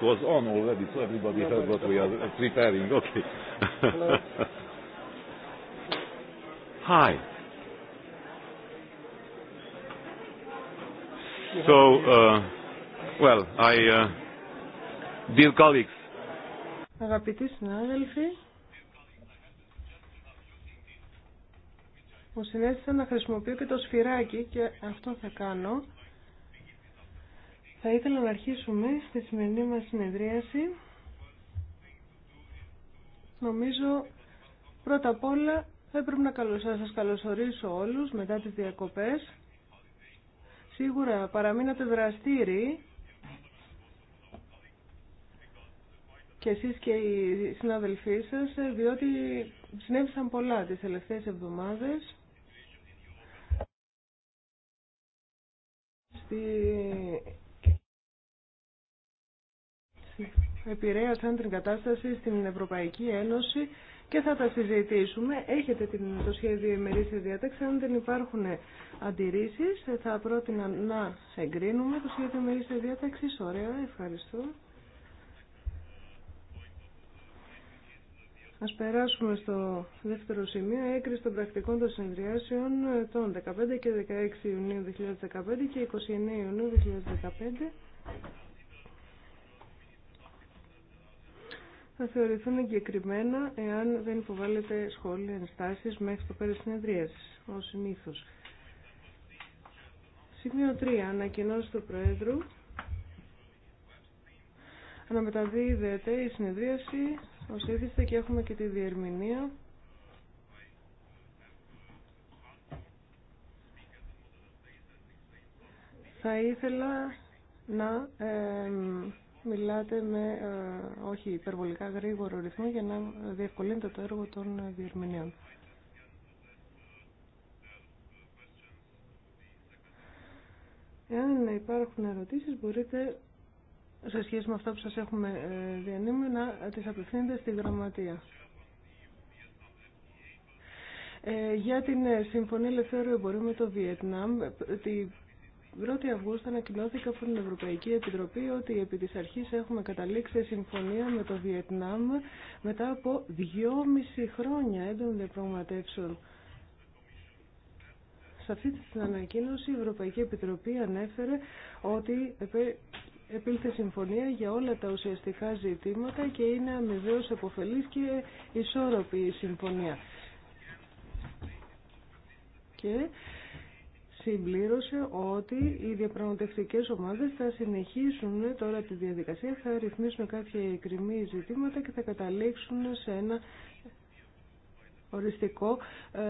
it was on already, so everybody heard what we are preparing. Okay. Hi. So, uh, well, I, uh, dear colleagues. Αγαπητοί συνάδελφοι, μου συνέστησα να χρησιμοποιώ και το σφυράκι και αυτό θα κάνω. Θα ήθελα να αρχίσουμε στη σημερινή μας συνεδρίαση. Νομίζω πρώτα απ' όλα θα έπρεπε να, να σας καλωσορίσω όλους μετά τις διακοπές. Σίγουρα παραμείνατε δραστήριοι και εσείς και οι συναδελφοί σας, ε, διότι συνέβησαν πολλά τις τελευταίες εβδομάδες. Στη επηρέασαν την κατάσταση στην Ευρωπαϊκή Ένωση και θα τα συζητήσουμε. Έχετε την, το σχέδιο ημερήσια διάταξη. Αν δεν υπάρχουν αντιρρήσει, θα πρότεινα να εγκρίνουμε το σχέδιο ημερήσια διάταξη. Ωραία, ευχαριστώ. Α περάσουμε στο δεύτερο σημείο, έκριση των πρακτικών των συνεδριάσεων των 15 και 16 Ιουνίου 2015 και 29 Ιουνίου 2015. θα θεωρηθούν εγκεκριμένα εάν δεν υποβάλλεται σχόλια, ενστάσεις μέχρι το πέρα συνεδρίαση, ως συνήθω. Σημείο 3. Ανακοινώσει του Προέδρου. Αναμεταδίδεται η συνεδρίαση ως ήθιστε και έχουμε και τη διερμηνία. Θα ήθελα να μιλάτε με ε, όχι υπερβολικά γρήγορο ρυθμό για να διευκολύνετε το έργο των διερμηνείων. Εάν υπάρχουν ερωτήσεις μπορείτε σε σχέση με αυτά που σας έχουμε ε, διανύμει να τις απευθύνετε στη γραμματεία. Ε, για την Συμφωνία Ελευθέρου Εμπορίου με το Βιετνάμ, 1η Αυγούστου ανακοινώθηκε από την Ευρωπαϊκή Επιτροπή ότι επί της αρχής έχουμε καταλήξει συμφωνία με το Βιετνάμ μετά από 2,5 χρόνια έντονων διαπραγματεύσεων. Σε αυτή την ανακοίνωση η Ευρωπαϊκή Επιτροπή ανέφερε ότι επήλθε συμφωνία για όλα τα ουσιαστικά ζητήματα και είναι αμοιβαίως επωφελής και ισόρροπη η συμφωνία. Και συμπλήρωσε ότι οι διαπραγματευτικές ομάδες θα συνεχίσουν τώρα τη διαδικασία, θα ρυθμίσουν κάποια εκκριμή ζητήματα και θα καταλήξουν σε ένα οριστικό ε,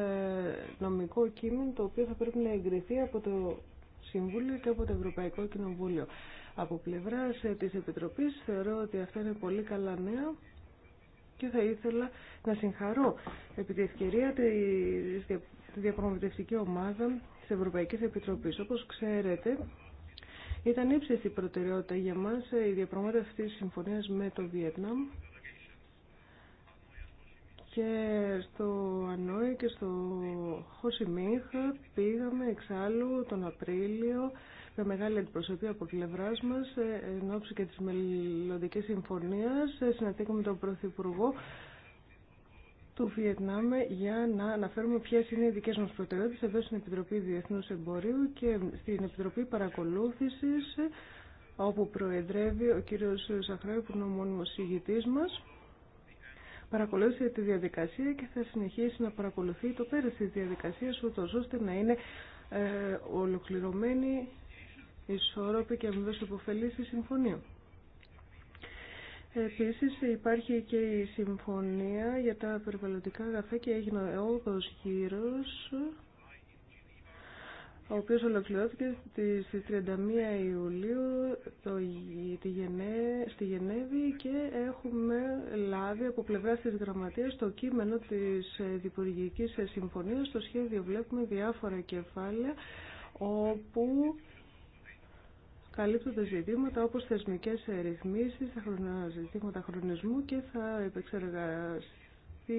νομικό κείμενο το οποίο θα πρέπει να εγκριθεί από το Συμβούλιο και από το Ευρωπαϊκό Κοινοβούλιο. Από πλευρά ε, τη Επιτροπής θεωρώ ότι αυτά είναι πολύ καλά νέα και θα ήθελα να συγχαρώ επί τη ευκαιρία τη διαπραγματευτική ομάδα της Ευρωπαϊκής Επιτροπής. Όπως ξέρετε, ήταν ύψιστη προτεραιότητα για μας η διαπραγμάτευση της συμφωνίας με το Βιετνάμ και στο Ανόη και στο Χωσιμίχ πήγαμε εξάλλου τον Απρίλιο με μεγάλη αντιπροσωπή από πλευρά μα, ε, εν και της μελλοντική συμφωνία. Ε, συναντήκαμε τον Πρωθυπουργό του Βιετνάμ για να αναφέρουμε ποιε είναι οι δικέ μα προτεραιότητε εδώ στην Επιτροπή Διεθνού Εμπορίου και στην Επιτροπή Παρακολούθηση, όπου προεδρεύει ο κύριο Σαχράου, που είναι ο μόνιμο ηγητή μα. Παρακολούθησε τη διαδικασία και θα συνεχίσει να παρακολουθεί το πέρα τη διαδικασία, ούτω ώστε να είναι ε, ολοκληρωμένη, ισόρροπη και αμοιβέ υποφελή η συμφωνία. Επίσης υπάρχει και η συμφωνία για τα περιβαλλοντικά αγαθά και έγινε ο 8ος ο οποίος ολοκληρώθηκε στις 31 Ιουλίου το, τη Γενέ, στη Γενέβη και έχουμε λάβει από πλευρά της Γραμματείας το κείμενο της Διπουργικής Συμφωνίας. Στο σχέδιο βλέπουμε διάφορα κεφάλαια όπου καλύπτονται ζητήματα όπως θεσμικές ρυθμίσεις, ζητήματα χρονισμού και θα επεξεργαστεί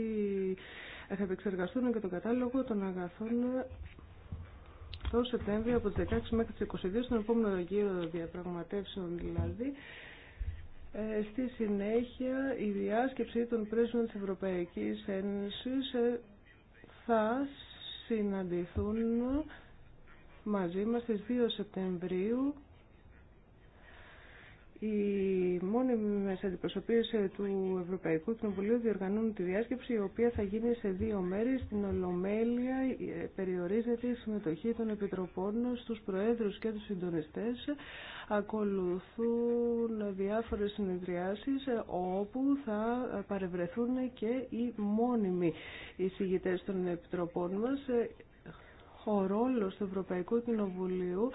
θα επεξεργαστούν και τον κατάλογο των αγαθών το Σεπτέμβριο από τις 16 μέχρι τις 22 στον επόμενο γύρο διαπραγματεύσεων δηλαδή ε, στη συνέχεια η διάσκεψη των πρέσβων της Ευρωπαϊκής Ένωσης ε, θα συναντηθούν μαζί μας στις 2 Σεπτεμβρίου οι μόνιμη αντιπροσωπείες ε, του Ευρωπαϊκού Κοινοβουλίου διοργανώνουν τη διάσκεψη, η οποία θα γίνει σε δύο μέρη. Στην Ολομέλεια ε, περιορίζεται η συμμετοχή των επιτροπών στου προέδρους και του συντονιστές. Ακολουθούν διάφορε συνεδριάσει ε, όπου θα παρευρεθούν και οι μόνιμοι εισηγητέ των επιτροπών μα, Ο ρόλο του Ευρωπαϊκού Κοινοβουλίου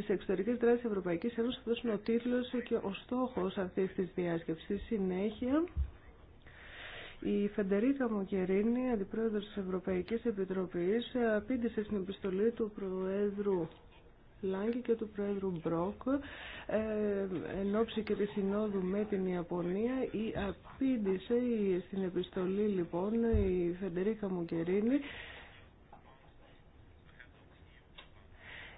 Στι εξωτερικέ δράσει τη Ευρωπαϊκή Ένωση θα δώσουν ο τίτλο και ο στόχο αυτή τη διάσκεψη. Στη συνέχεια, η Φεντερίκα Μογκερίνη, αντιπρόεδρο τη Ευρωπαϊκή Επιτροπή, απήντησε στην επιστολή του Προέδρου Λάγκη και του Πρόεδρου Μπρόκ ε, εν ώψη και τη συνόδου με την Ιαπωνία η απήντησε η, στην επιστολή λοιπόν η Φεντερίκα Μοκερίνη,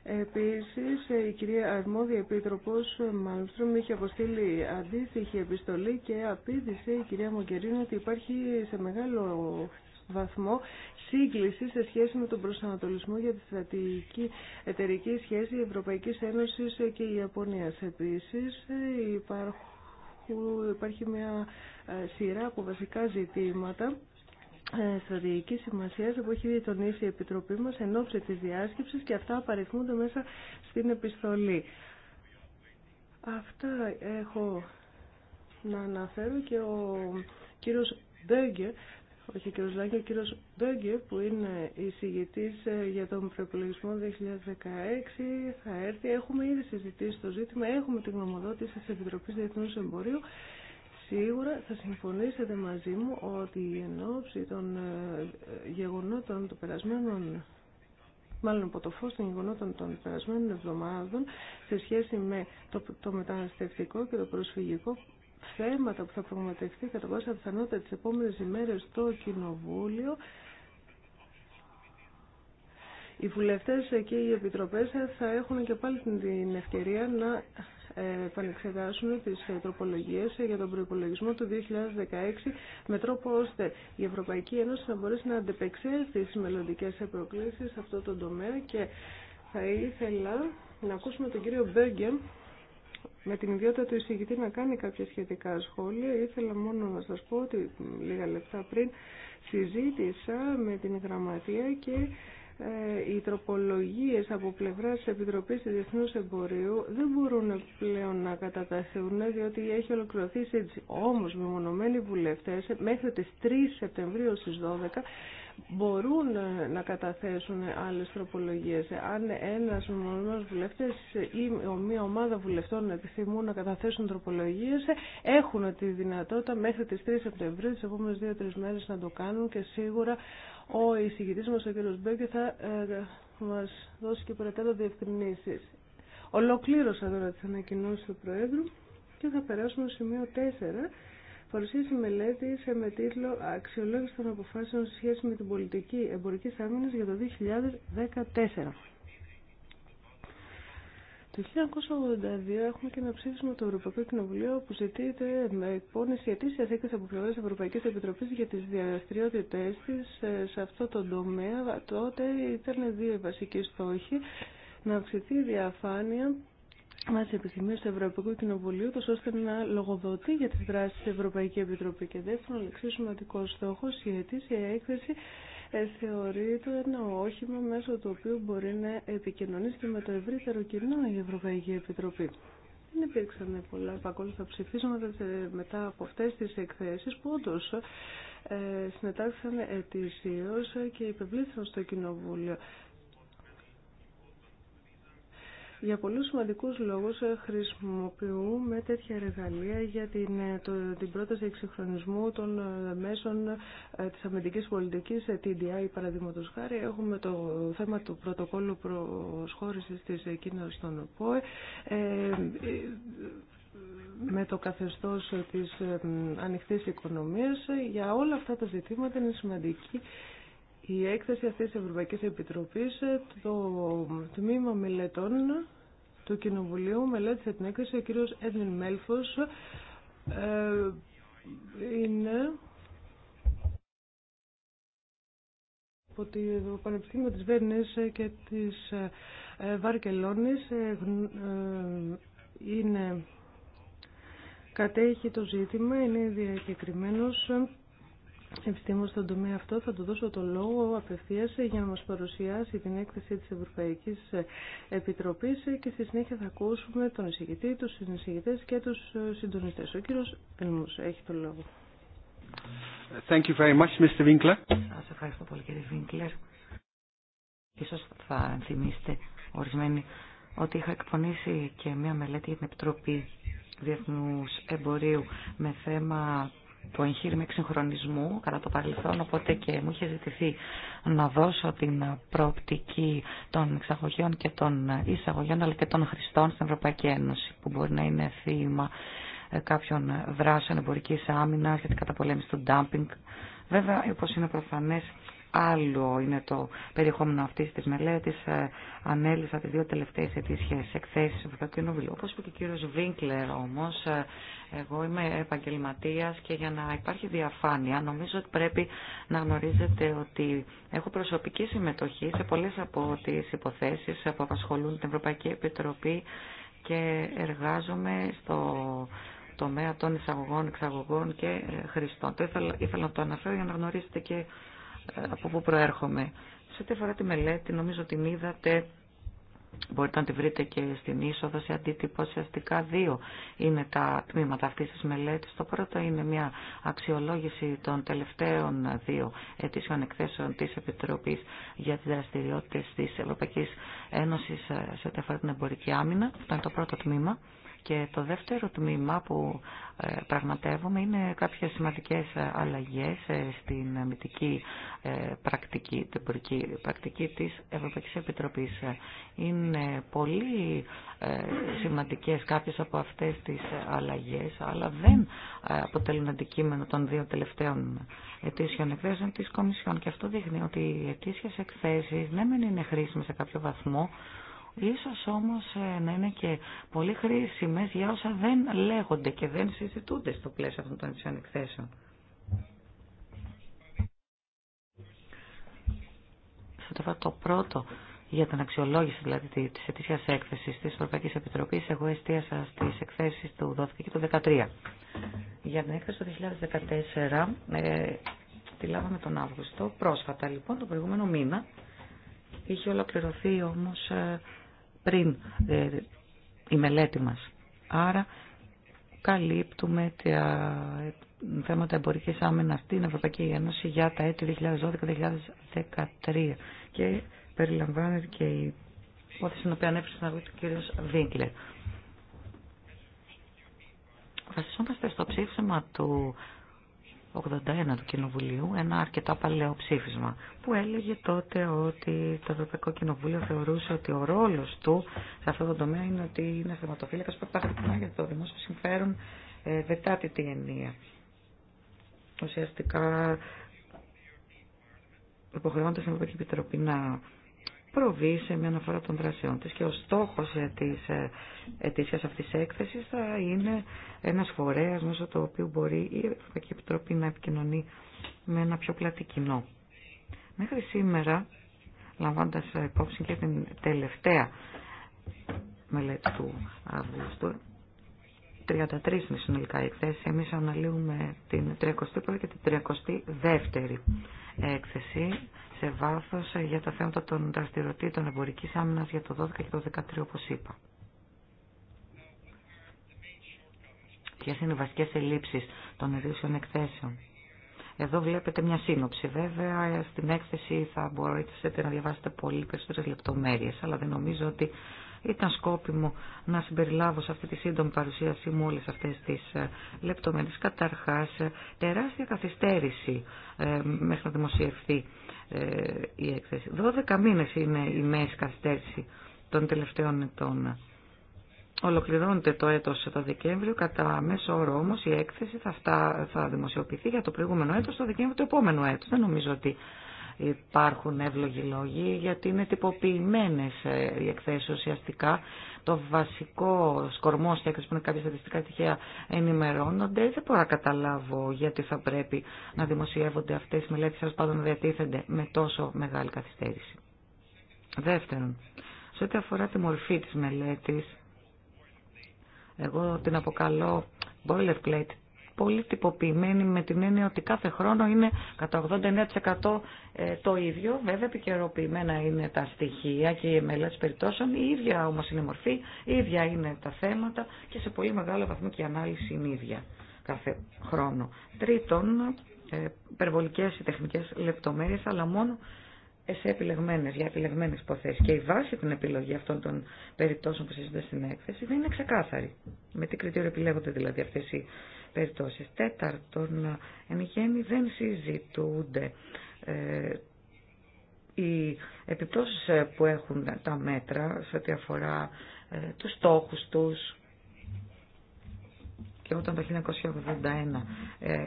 Επίσης, η κυρία Αρμόδια Επίτροπος Μάλμστρομ είχε αποστείλει αντίστοιχη επιστολή και απήντησε η κυρία Μογκερίνη ότι υπάρχει σε μεγάλο βαθμό σύγκληση σε σχέση με τον προσανατολισμό για τη στρατηγική εταιρική σχέση Ευρωπαϊκής Ένωσης και Ιαπωνίας. Επίσης, υπάρχει μια ε, σειρά από βασικά ζητήματα ε, στρατηγική σημασία που έχει διετονίσει η Επιτροπή μα εν ώψη τη διάσκεψη και αυτά απαριθμούνται μέσα στην επιστολή. Αυτά έχω να αναφέρω και ο κύριο Μπέγκε, όχι ο κύριος Λάγκη, ο κύριος Μπέγκε που είναι εισηγητής ε, για τον προπολογισμό 2016 θα έρθει. Έχουμε ήδη συζητήσει το ζήτημα, έχουμε την γνωμοδότηση τη Επιτροπή Διεθνού Εμπορίου Σίγουρα θα συμφωνήσετε μαζί μου ότι η ενόψη των ε, γεγονότων των περασμένων μάλλον από το φως των γεγονότων των περασμένων εβδομάδων σε σχέση με το, το μεταναστευτικό και το προσφυγικό θέματα που θα πραγματευτεί κατά πάσα πιθανότητα τις επόμενες ημέρες στο Κοινοβούλιο οι βουλευτές και οι επιτροπές θα έχουν και πάλι την ευκαιρία να επανεξετάσουμε τις ε, τροπολογίε για τον προπολογισμό του 2016 με τρόπο ώστε η Ευρωπαϊκή Ένωση να μπορέσει να αντεπεξέλθει στις μελλοντικέ προκλήσει σε αυτό το τομέα και θα ήθελα να ακούσουμε τον κύριο Μπέγκεν με την ιδιότητα του εισηγητή να κάνει κάποια σχετικά σχόλια. Ήθελα μόνο να σας πω ότι λίγα λεπτά πριν συζήτησα με την γραμματεία και ε, οι τροπολογίες από πλευράς της Επιτροπής του Διεθνούς Εμπορίου δεν μπορούν πλέον να καταταθούν διότι έχει ολοκληρωθεί σε όμως μεμονωμένοι βουλευτές μέχρι τις 3 Σεπτεμβρίου στις 12 μπορούν ε, να καταθέσουν άλλες τροπολογίες. Αν ένας μόνος βουλευτής ή μια ομάδα βουλευτών επιθυμούν να καταθέσουν τροπολογίες, έχουν τη δυνατότητα μέχρι τις 3 Σεπτεμβρίου, τις επόμενες 2-3 μέρες να το κάνουν και σίγουρα ο εισηγητής μας, ο κ. Μπέκε, θα ε, μας δώσει και περαιτέρω διευκρινήσεις. Ολοκλήρωσα τώρα τις ανακοινώσεις του Προέδρου και θα περάσουμε στο σημείο 4 παρουσίασε μελέτη σε με τίτλο Αξιολόγηση των αποφάσεων σε σχέση με την πολιτική εμπορική άμυνα για το 2014. Το 1982 έχουμε και ένα ψήφισμα του Ευρωπαϊκού Κοινοβουλίου που ζητείται με εκπόνηση αιτήσια έκθεση από πλευρά τη Ευρωπαϊκή Επιτροπή για τι διαδραστηριότητέ τη σε αυτό το τομέα. Τότε ήταν δύο βασικοί στόχοι. Να αυξηθεί η διαφάνεια μας επιθυμίες του Ευρωπαϊκού Κοινοβουλίου, τόσο ώστε να λογοδοτεί για τι δράσει τη Ευρωπαϊκή Επιτροπή. Και δεύτερον, εξίσου σημαντικό στόχο η αιτήσια έκθεση ε, θεωρείται ένα όχημα μέσω του οποίου μπορεί να επικοινωνήσει και με το ευρύτερο κοινό η Ευρωπαϊκή Επιτροπή. Δεν υπήρξαν πολλά επακόλουθα ψηφίσματα μετά από αυτέ τι εκθέσει που όντω ε, συνετάξαν ετησίως και υπευλήθησαν στο Κοινοβούλιο. Για πολύ σημαντικού λόγου ε, χρησιμοποιούμε τέτοια εργαλεία για την, ε, το, την πρόταση εξυγχρονισμού των ε, μέσων της αμυντικής πολιτικής, TDI παραδείγματο χάρη. Έχουμε το θέμα του πρωτοκόλλου προσχώρησης της Κίνας στον ΟΠΟΕ με το καθεστώς της ανοιχτής οικονομίας. Για όλα αυτά τα ζητήματα είναι σημαντική η έκθεση αυτή τη Ευρωπαϊκή Επιτροπή ε, το τμήμα μελετών του Κοινοβουλίου, μελέτησε την έκθεση ο κύριος Έντριν Μέλφο ε, είναι από το Πανεπιστήμιο της Βέρνης και της ε, Βαρκελόνης είναι κατέχει το ζήτημα, είναι διακεκριμένος Επιστήμος στον τομέα αυτό. Θα του δώσω το λόγο απευθείας για να μας παρουσιάσει την έκθεση της Ευρωπαϊκής Επιτροπής και στη συνέχεια θα ακούσουμε τον εισηγητή, τους συνεισηγητές και τους συντονιστές. Ο κύριος Ελμούς έχει το λόγο. Thank you very much, Mr. Winkler. Σας ευχαριστώ πολύ κύριε Βίνκλερ. Ίσως θα θυμίστε ορισμένοι ότι είχα εκπονήσει και μια μελέτη για την Επιτροπή Διεθνούς Εμπορίου με θέμα το εγχείρημα εξυγχρονισμού κατά το παρελθόν, οπότε και μου είχε ζητηθεί να δώσω την προοπτική των εξαγωγιών και των εισαγωγών, αλλά και των χρηστών στην Ευρωπαϊκή Ένωση, που μπορεί να είναι θύμα ε, κάποιων δράσεων εμπορική άμυνα για την καταπολέμηση του ντάμπινγκ. Βέβαια, όπω είναι προφανέ, άλλο είναι το περιεχόμενο αυτής της μελέτης. Ε, ανέλησα τι δύο τελευταίε ετήσιε εκθέσει του Ευρωπαϊκού Κοινοβουλίου. Όπω είπε και ο κύριος Βίνκλερ όμως, ε, εγώ είμαι επαγγελματία και για να υπάρχει διαφάνεια νομίζω ότι πρέπει να γνωρίζετε ότι έχω προσωπική συμμετοχή σε πολλέ από τι υποθέσει που απασχολούν την Ευρωπαϊκή Επιτροπή και εργάζομαι στο τομέα των εισαγωγών, εξαγωγών και ε, χρηστών. Το ήθελα, ήθελα να το αναφέρω για να γνωρίσετε και από πού προέρχομαι. Σε ό,τι αφορά τη μελέτη, νομίζω την είδατε, μπορείτε να τη βρείτε και στην είσοδο σε αντίτυπο. Ουσιαστικά δύο είναι τα τμήματα αυτής της μελέτης. Το πρώτο είναι μια αξιολόγηση των τελευταίων δύο ετήσιων εκθέσεων της Επιτροπής για τι δραστηριότητε της Ευρωπαϊκή Ένωσης ε, σε ό,τι αφορά την εμπορική άμυνα. Αυτό είναι το πρώτο τμήμα. Και το δεύτερο τμήμα που ε, πραγματεύομαι είναι κάποιες σημαντικές αλλαγές ε, στην αμυντική ε, πρακτική, την πρακτική της Ευρωπαϊκής Επιτροπής. Είναι πολύ σημαντικές κάποιες από αυτές τις αλλαγές, αλλά δεν αποτελούν αντικείμενο των δύο τελευταίων ετήσιων εκθέσεων της Κομισιόν. Και αυτό δείχνει ότι οι ετήσιες εκθέσεις, ναι μεν είναι χρήσιμες σε κάποιο βαθμό, Ίσως όμως ε, να είναι και πολύ χρήσιμες για όσα δεν λέγονται και δεν συζητούνται στο πλαίσιο αυτών των ειδικών εκθέσεων. Σε το πρώτο για την αξιολόγηση δηλαδή της ετήσιας έκθεση της Ευρωπαϊκή Επιτροπής εγώ εστίασα στις εκθέσεις του 12 και του 13. Για την έκθεση του 2014, ε, τη λάβαμε τον Αύγουστο, πρόσφατα λοιπόν, τον προηγούμενο μήνα. Είχε ολοκληρωθεί όμω ε, πριν ε, η μελέτη μας. Άρα καλύπτουμε τα ε, θέματα εμπορική άμυνα στην Ευρωπαϊκή Ένωση για τα έτη 2012-2013 και περιλαμβάνεται και η υπόθεση την οποία ανέφερε στην ο του κ. Βίγκλερ. Βασιζόμαστε στο ψήφισμα του 81 του Κοινοβουλίου, ένα αρκετά παλαιό ψήφισμα, που έλεγε τότε ότι το Ευρωπαϊκό Κοινοβούλιο θεωρούσε ότι ο ρόλος του σε αυτό το τομέα είναι ότι είναι θεματοφύλακας που τα για το δημόσιο συμφέρον ε, δετάτη την ενία. Ουσιαστικά υποχρεώνεται στην Ευρωπαϊκή Επιτροπή να προβεί σε μια αναφορά των δρασιών της και ο στόχος ε, της ε, ετήσιας αυτής έκθεσης θα είναι ένας φορέας μέσω του οποίου μπορεί η Ευρωπαϊκή Επιτροπή να επικοινωνεί με ένα πιο πλατή κοινό. Μέχρι σήμερα, λαμβάνοντας υπόψη και την τελευταία μελέτη του Αυγούστου, 33 είναι συνολικά η Εμείς αναλύουμε την 31η και την 32η έκθεση σε βάθος ε, για τα θέματα των δραστηριοτήτων εμπορικής άμυνας για το 12 και το 13 όπως είπα. Ποιε είναι οι βασικές ελλείψεις των ειδήσεων εκθέσεων. Εδώ βλέπετε μια σύνοψη βέβαια, στην έκθεση θα μπορείτε να διαβάσετε πολύ περισσότερες λεπτομέρειες, αλλά δεν νομίζω ότι ήταν σκόπιμο να συμπεριλάβω σε αυτή τη σύντομη παρουσίασή μου όλες αυτές τις ε, λεπτομέρειες. Καταρχάς, ε, τεράστια καθυστέρηση ε, μέχρι να δημοσιευθεί η έκθεση. 12 μήνες είναι η μέση καθυστέρηση των τελευταίων ετών. Ολοκληρώνεται το έτος το Δεκέμβριο, κατά μέσο όρο όμως η έκθεση θα, θα δημοσιοποιηθεί για το προηγούμενο έτος, το Δεκέμβριο του επόμενου έτους. Δεν νομίζω ότι υπάρχουν εύλογοι λόγοι, γιατί είναι τυποποιημένες ε, οι εκθέσεις ουσιαστικά. Το βασικό σκορμό τη έκθεση που είναι κάποια στατιστικά στοιχεία ενημερώνονται. Δεν μπορώ να καταλάβω γιατί θα πρέπει να δημοσιεύονται αυτές οι μελέτες, σας πάντων διατίθενται με τόσο μεγάλη καθυστέρηση. Δεύτερον, σε ό,τι αφορά τη μορφή της μελέτης, εγώ την αποκαλώ boilerplate, πολύ τυποποιημένη με την έννοια ότι κάθε χρόνο είναι κατά 89% ε, το ίδιο, βέβαια επικαιροποιημένα είναι τα στοιχεία και η μελέτη περιπτώσεων, η ίδια όμω είναι η μορφή, η ίδια είναι τα θέματα και σε πολύ μεγάλο βαθμό και η ανάλυση είναι ίδια κάθε χρόνο. Τρίτον, ε, υπερβολικές ή τεχνικές λεπτομέρειες, αλλά μόνο σε επιλεγμένες, για επιλεγμένες υποθέσεις. Και η βάση την επιλογή αυτών των περιπτώσεων που συζητούνται στην έκθεση δεν είναι ξεκάθαρη. Με τι κριτήριο επιλέγονται δηλαδή αυτέ οι περιπτώσει. Τέταρτον, εν γέννη δεν συζητούνται ε, οι επιπτώσεις ε, που έχουν τα μέτρα σε ό,τι αφορά ε, τους στόχους τους και όταν το 1981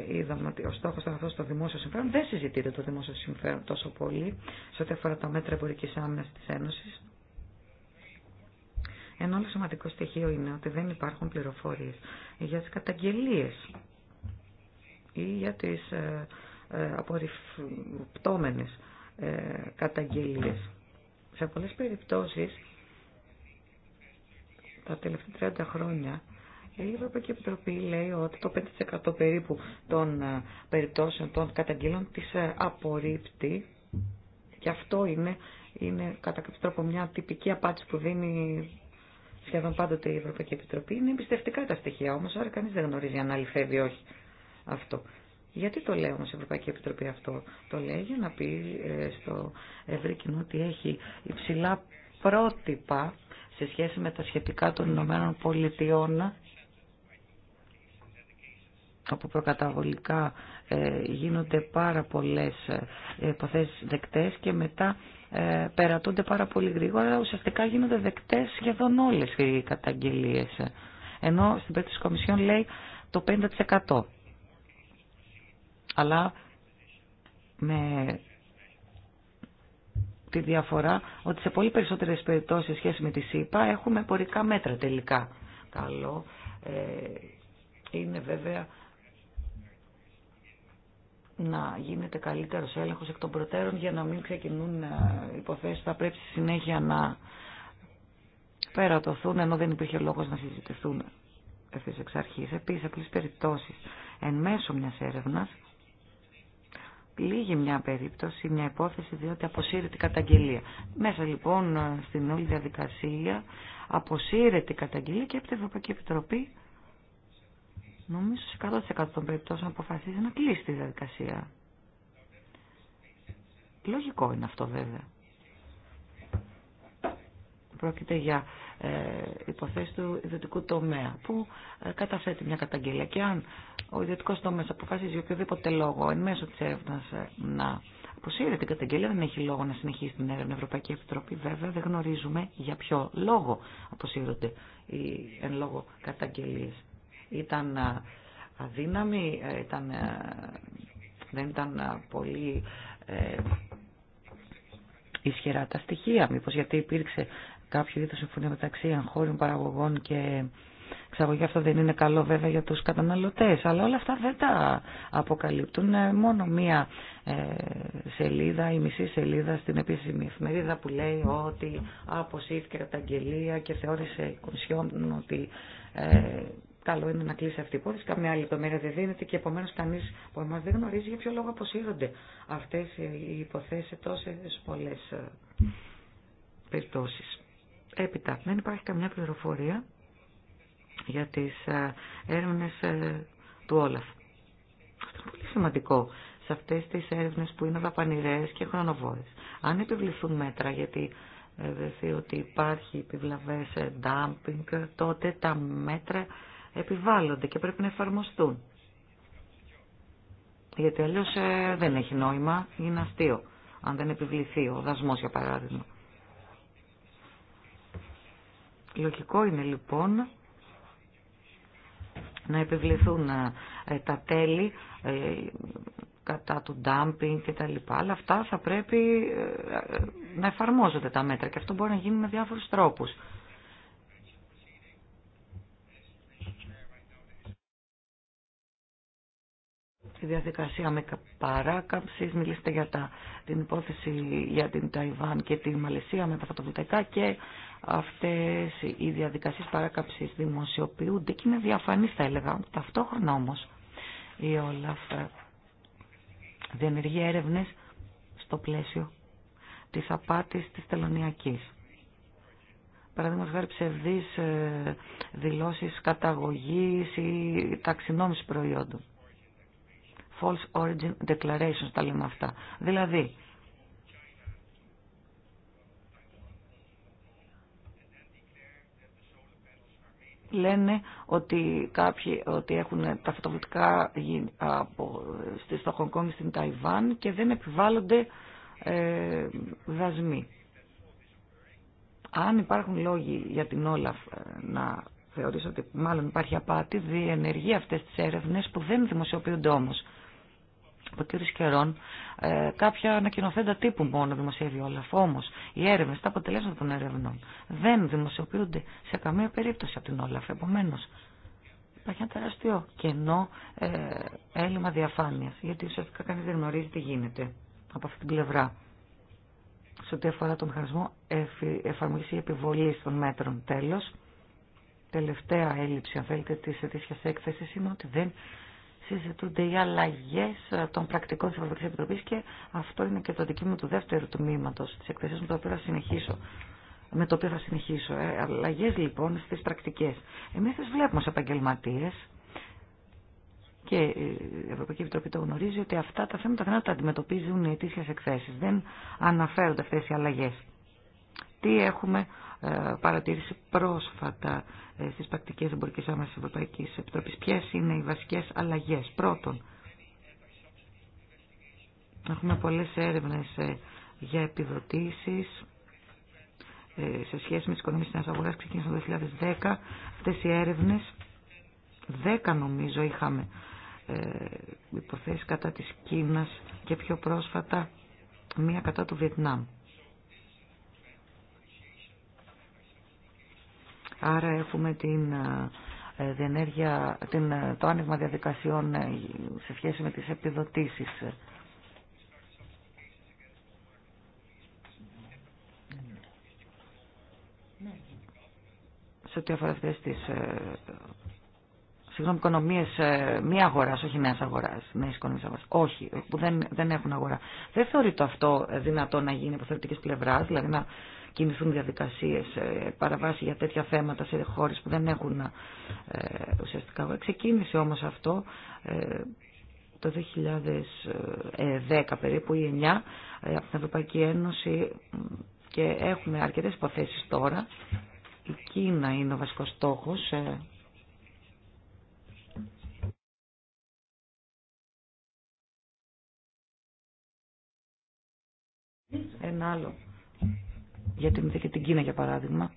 είδαμε ότι ο στόχος ήταν αυτός το δημόσιο συμφέρον, δεν συζητείται το δημόσιο συμφέρον τόσο πολύ σε ό,τι αφορά τα μέτρα εμπορικής άμυνας της Ένωσης. Ένα άλλο σημαντικό στοιχείο είναι ότι δεν υπάρχουν πληροφορίες για τις καταγγελίες ή για τις ε, ε, καταγγελίες. Σε πολλές περιπτώσεις, τα τελευταία 30 χρόνια, η Ευρωπαϊκή Επιτροπή λέει ότι το 5% περίπου των ε, περιπτώσεων των καταγγελών τις ε, απορρίπτει και αυτό είναι, είναι κατά κάποιο τρόπο μια τυπική απάντηση που δίνει σχεδόν πάντοτε η Ευρωπαϊκή Επιτροπή. Είναι εμπιστευτικά τα στοιχεία όμως, άρα κανείς δεν γνωρίζει αν αληθεύει όχι αυτό. Γιατί το λέω όμως η Ευρωπαϊκή Επιτροπή αυτό. Το λέει για να πει ε, στο ευρύ κοινό ότι έχει υψηλά πρότυπα σε σχέση με τα σχετικά των Ηνωμένων Πολιτειών όπου προκαταβολικά ε, γίνονται πάρα πολλές ε, υποθέσεις δεκτές και μετά περατούνται πάρα πολύ γρήγορα. Ουσιαστικά γίνονται δεκτές σχεδόν όλες οι καταγγελίες. Ενώ στην πέτρηση Κομισιόν λέει το 50% αλλά με τη διαφορά ότι σε πολύ περισσότερες περιπτώσεις σχέση με τη ΣΥΠΑ έχουμε πορικά μέτρα τελικά. Καλό ε, είναι βέβαια να γίνεται καλύτερος έλεγχος εκ των προτέρων για να μην ξεκινούν ε, υποθέσεις θα πρέπει στη συνέχεια να περατωθούν ενώ δεν υπήρχε λόγος να συζητηθούν ευθύς εξ αρχής. Επίσης, σε πολλές περιπτώσεις, εν μέσω μιας έρευνας, Λίγη μια περίπτωση, μια υπόθεση, διότι αποσύρεται η καταγγελία. Μέσα λοιπόν στην όλη διαδικασία αποσύρεται η καταγγελία και από την Ευρωπαϊκή Επιτροπή νομίζω σε 100% των περιπτώσεων αποφασίζει να κλείσει τη διαδικασία. Λογικό είναι αυτό βέβαια. Πρόκειται για ε, Υποθέσει του ιδιωτικού τομέα που ε, καταθέτει μια καταγγελία και αν ο ιδιωτικό τομέα αποφασίζει για οποιοδήποτε λόγο εν μέσω της έρευνας ε, να αποσύρει την καταγγελία δεν έχει λόγο να συνεχίσει την έρευνα Ευρωπαϊκή Επιτροπή βέβαια δεν γνωρίζουμε για ποιο λόγο αποσύρονται οι εν λόγω καταγγελίε. Ήταν αδύναμη, ήταν, δεν ήταν πολύ ισχυρά τα στοιχεία, μήπως γιατί υπήρξε κάποιο είδου συμφωνία μεταξύ εγχώριων παραγωγών και εξαγωγή. Αυτό δεν είναι καλό βέβαια για του καταναλωτέ. αλλά όλα αυτά δεν τα αποκαλύπτουν. Ε, μόνο μία ε, σελίδα ή μισή σελίδα στην επίσημη εφημερίδα που λέει ότι αποσύρθηκε καταγγελία και θεώρησε η Κομισιόν ότι ε, καλό είναι να κλείσει αυτή η υπόθεση. Καμιά άλλη λεπτομέρεια δεν δίνεται και θεωρησε η οτι ε καλο ειναι να κλεισει αυτη κανεί που εμά δεν γνωρίζει για ποιο λόγο αποσύρονται αυτέ οι υποθέσει σε τόσε πολλέ ε, περιπτώσει. Έπειτα, δεν υπάρχει καμιά πληροφορία για τις ε, έρευνες ε, του Όλαφ. Αυτό είναι πολύ σημαντικό σε αυτές τις έρευνες που είναι δαπανηρές και χρονοβόρες. Αν επιβληθούν μέτρα, γιατί βρεθεί ότι υπάρχει επιβλαβές ε, dumping, τότε τα μέτρα επιβάλλονται και πρέπει να εφαρμοστούν. Γιατί αλλιώς δεν έχει νόημα, είναι αστείο, αν δεν επιβληθεί ο δασμός για παράδειγμα. Λογικό είναι λοιπόν να επιβληθούν ε, ε, τα τέλη ε, κατά του ντάμπινγκ και τα λοιπά. Αλλά αυτά θα πρέπει να εφαρμόζονται τα μέτρα και αυτό μπορεί να γίνει με διάφορους τρόπους. Στη διαδικασία με παράκαμψη μιλήσετε για τα, την υπόθεση για την Ταϊβάν και τη Μαλαισία με τα φωτοβολταϊκά και αυτές οι διαδικασίες παράκαψης δημοσιοποιούνται και είναι διαφανείς θα έλεγα. Ταυτόχρονα όμως όλα αυτά διενεργεί έρευνες στο πλαίσιο της απάτης της τελωνιακής. Παραδείγματος χάρη ψευδείς ε, δηλώσεις καταγωγής ή ταξινόμηση προϊόντων. False origin declarations τα λέμε αυτά. Δηλαδή, λένε ότι κάποιοι ότι έχουν τα φωτοβολτικά στο Χονγκ στην Ταϊβάν και δεν επιβάλλονται ε, δασμοί. Αν υπάρχουν λόγοι για την Όλαφ ε, να θεωρήσω ότι μάλλον υπάρχει απάτη, διενεργεί αυτές τις έρευνες που δεν δημοσιοποιούνται όμως ο κ. καιρών ε, κάποια ανακοινοθέντα τύπου μόνο δημοσιεύει όλα. Όμως οι έρευνε, τα αποτελέσματα των έρευνων δεν δημοσιοποιούνται σε καμία περίπτωση από την Όλαφ. Επομένω, υπάρχει ένα τεράστιο κενό ε, έλλειμμα διαφάνεια. Γιατί ουσιαστικά κανεί δεν γνωρίζει τι γίνεται από αυτή την πλευρά. Σε ό,τι αφορά τον μηχανισμό εφαρμογή ή επιβολή των μέτρων. Τέλο, τελευταία έλλειψη, αν θέλετε, τη ετήσια έκθεση είναι ότι δεν συζητούνται οι αλλαγέ ε, των πρακτικών τη Ευρωπαϊκή Επιτροπή και αυτό είναι και το αντικείμενο του δεύτερου τμήματο τη εκθεσή μου, το οποίο θα συνεχίσω. Με το οποίο θα συνεχίσω. Ε, αλλαγέ λοιπόν στι πρακτικέ. Εμεί τι βλέπουμε ω επαγγελματίε και η Ευρωπαϊκή Επιτροπή το γνωρίζει ότι αυτά τα θέματα δεν τα αντιμετωπίζουν οι ετήσιε εκθέσει. Δεν αναφέρονται αυτέ οι αλλαγέ. Τι έχουμε ε, παρατήρηση πρόσφατα ε, στις πρακτικές εμπορικές άμεσης Ευρωπαϊκής Επιτροπής. Ποιες είναι οι βασικές αλλαγές. Πρώτον, έχουμε πολλές έρευνες ε, για επιδοτήσεις σε σχέση με τις οικονομίες της αγοράς ξεκίνησαν το 2010. Αυτές οι έρευνες, 10 νομίζω είχαμε υποθέσεις κατά της Κίνας και πιο πρόσφατα μία κατά του Βιετνάμ. Άρα έχουμε την διενέργεια, την, ε, το άνοιγμα διαδικασιών ε, σε σχέση με τις επιδοτήσεις. Σε ό,τι αφορά αυτές τις ε, συγγνώμη, οικονομίε μία αγορά, όχι νέα αγορά. Νέε οικονομίε αγορά. Όχι, που δεν, δεν έχουν αγορά. Δεν θεωρείται αυτό δυνατό να γίνει από θεωρητική πλευρά, δηλαδή να κινηθούν διαδικασίες ε, παραβάσει για τέτοια θέματα σε χώρες που δεν έχουν ε, ουσιαστικά. Ξεκίνησε όμως αυτό ε, το 2010 περίπου ή 9 από την Ευρωπαϊκή Ένωση και έχουμε αρκετές υποθέσεις τώρα. Η Κίνα είναι ο βασικός στόχος. Ένα άλλο για την Ινδία και την Κίνα για παράδειγμα,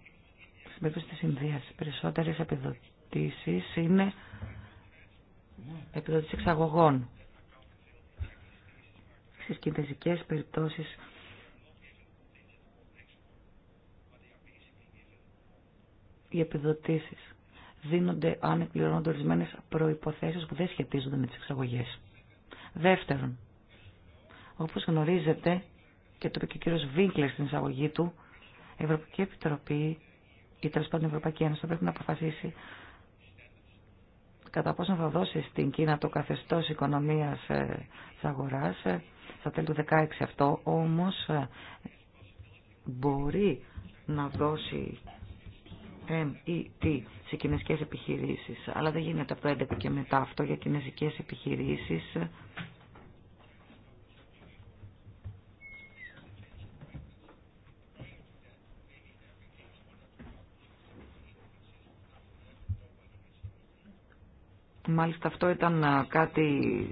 στην περίπτωση της Ινδίας, οι περισσότερες επιδοτήσεις είναι επιδοτήσεις εξαγωγών. Στις κινέζικες περιπτώσεις οι επιδοτήσεις δίνονται αν εκπληρώνονται ορισμένε προϋποθέσεις που δεν σχετίζονται με τις εξαγωγές. Δεύτερον, όπως γνωρίζετε και το είπε και ο κύριος Βίγκλερ στην εισαγωγή του, η Ευρωπαϊκή Επιτροπή ή τέλο πάντων η Ευρωπαϊκή Ένωση θα πρέπει να αποφασίσει κατά πόσο θα δώσει στην Κίνα το καθεστώς οικονομίας ε, της αγοράς ε, στα τέλη του 2016 αυτό όμως ε, μπορεί να δώσει MET σε κινέζικε επιχειρήσει, αλλά δεν γίνεται από το 11 και μετά αυτό για κινέζικες επιχειρήσεις Μάλιστα αυτό ήταν κάτι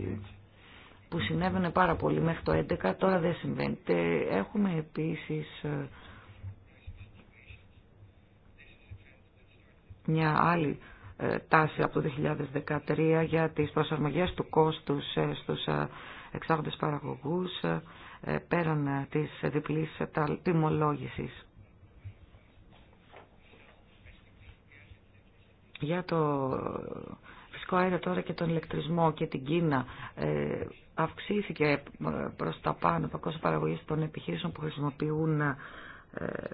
που συνέβαινε πάρα πολύ μέχρι το 11, τώρα δεν συμβαίνει. Έχουμε επίσης μια άλλη ε, τάση από το 2013 για τις προσαρμογές του κόστους ε, στους εξάγοντες παραγωγούς ε, πέραν της διπλής τιμολόγησης. Για το φυσικό αέριο τώρα και τον ηλεκτρισμό και την Κίνα ε, αυξήθηκε ε, προς τα πάνω το κόσμο παραγωγή των επιχειρήσεων που χρησιμοποιούν ε,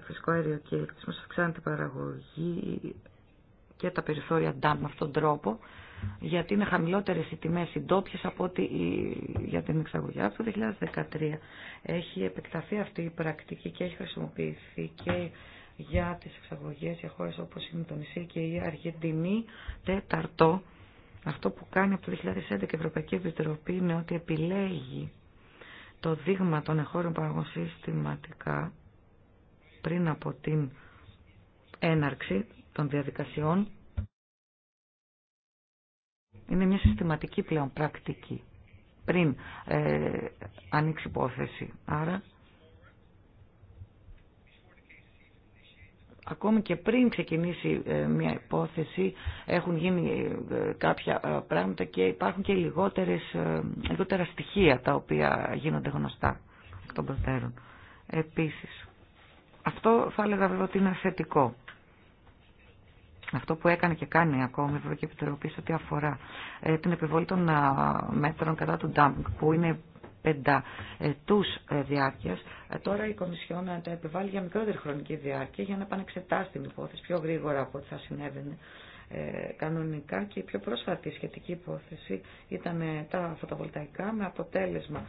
φυσικό αέριο και ηλεκτρισμό αυξάνεται παραγωγή και τα περιθώρια ντάμ με αυτόν τον τρόπο γιατί είναι χαμηλότερε οι τιμέ οι ντόπιε από ότι για την εξαγωγή. Από το 2013 έχει επεκταθεί αυτή η πρακτική και έχει χρησιμοποιηθεί και για τις εξαγωγές για χώρε όπως είναι το νησί και η Αργεντινή τέταρτο αυτό που κάνει από το 2011 η Ευρωπαϊκή Επιτροπή είναι ότι επιλέγει το δείγμα των εχώριων παραγωγών συστηματικά πριν από την έναρξη των διαδικασιών. Είναι μια συστηματική πλέον πρακτική πριν ε, ανοίξει υπόθεση. Άρα ακόμη και πριν ξεκινήσει ε, μια υπόθεση έχουν γίνει ε, κάποια ε, πράγματα και υπάρχουν και λιγότερες, λιγότερα στοιχεία τα οποία γίνονται γνωστά εκ των προτέρων. Επίσης, αυτό θα έλεγα βέβαια ότι είναι θετικό. Αυτό που έκανε και κάνει ακόμη η Ευρωπαϊκή Επιτροπή σε ό,τι αφορά την επιβολή των μέτρων κατά του ντάμπινγκ, που είναι πενταετού ε, διάρκεια. Ε, τώρα η Κομισιόν ε, τα επιβάλλει για μικρότερη χρονική διάρκεια για να επανεξετάσει την υπόθεση πιο γρήγορα από ό,τι θα συνέβαινε κανονικά και η πιο πρόσφατη σχετική υπόθεση ήταν τα φωτοβολταϊκά με αποτέλεσμα